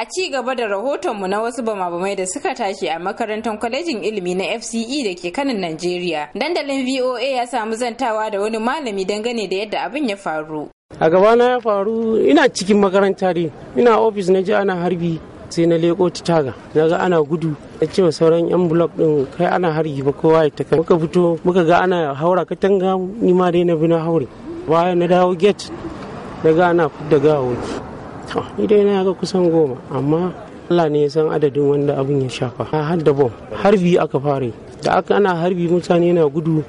a ci gaba da rahotonmu na wasu bamabamai da suka tashi a makarantar kwalejin ilimi na fce da ke kanin najeriya dandalin voa ya samu zantawa da wani malami dangane da yadda abin ya faru a gabana ya faru ina cikin makaranta ne ina ofis na ji ana harbi sai na leko ta taga na ana gudu na ce wa sauran yan blok din kai ana harbi ba kowa ya ta muka fito muka ga ana haura katanga ni ma dai na bi na haure bayan na dawo gate na ga ana fudda gawo to ni na ga kusan goma amma Allah ne ya san adadin wanda abin ya shafa har da bom harbi aka fare da aka ana harbi mutane na gudu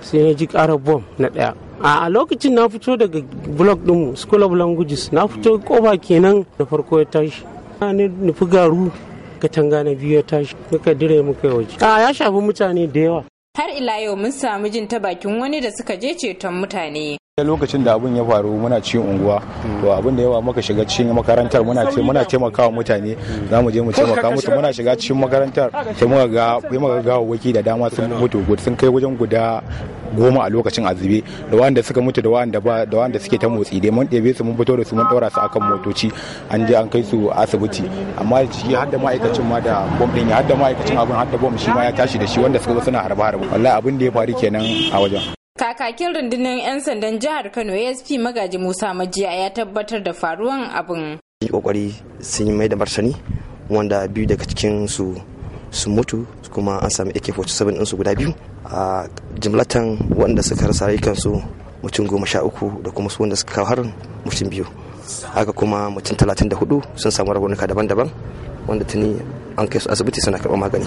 sai na ji karar bom na ɗaya a lokacin na fito daga blog ɗinmu school of languages na fito koba kenan da farko ya tashi na nufi garu katanga na biyu ya tashi muka dire muka waje a ya shafi mutane da yawa har ila yau mun samu jin ta bakin wani da suka je ceton mutane lokacin da abun ya faru muna cikin unguwa to abin da yawa muka shiga cikin makarantar muna ce muna taimakawa mutane za mu je mu taimaka mutu muna shiga cikin makarantar sai muka ga sai muka ga waki da dama sun mutu sun kai wajen guda goma a lokacin azube da wanda suka mutu da wanda ba da wanda suke ta motsi dai mun ɗebe su mun fito da su mun ɗora su akan motoci an je an kai su asibiti amma ciki har da ma'aikacin ma da bom ɗin har da ma'aikacin abin har da bom shi ma ya tashi da shi wanda suka zo suna harba harba wallahi abin da ya faru kenan a wajen Kakakin rundunar 'yan sandan jihar Kano ASP Magaji Musa Majiya ya tabbatar da faruwan abin. Yi kokari sun yi mai da martani wanda biyu daga cikin su sun mutu kuma an sami AK-47 ɗinsu guda biyu a jimlatan wanda suka rasa rayukansu mutum goma sha uku da kuma su wanda suka kawo harin mutum biyu haka kuma mutum talatin da hudu sun samu raunuka daban-daban wanda tuni an kai su asibiti suna karɓar magani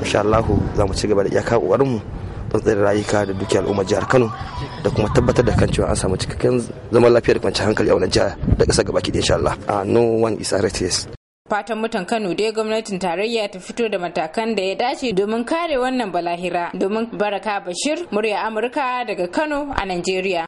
insha Allahu za mu ci gaba da iyaka ƙoƙarinmu don rayuka da dukiyar al'ummar jihar Kano da kuma tabbatar da kan cewa an samu cikakken zaman lafiya da kwanciyar hankali a wannan jiha da ƙasa gabaki da insha Allah. Ah, no one is arrested. fatan mutan kano dai gwamnatin tarayya ta fito da matakan da ya dace domin kare wannan balahira domin baraka bashir murya amurka daga kano a najeriya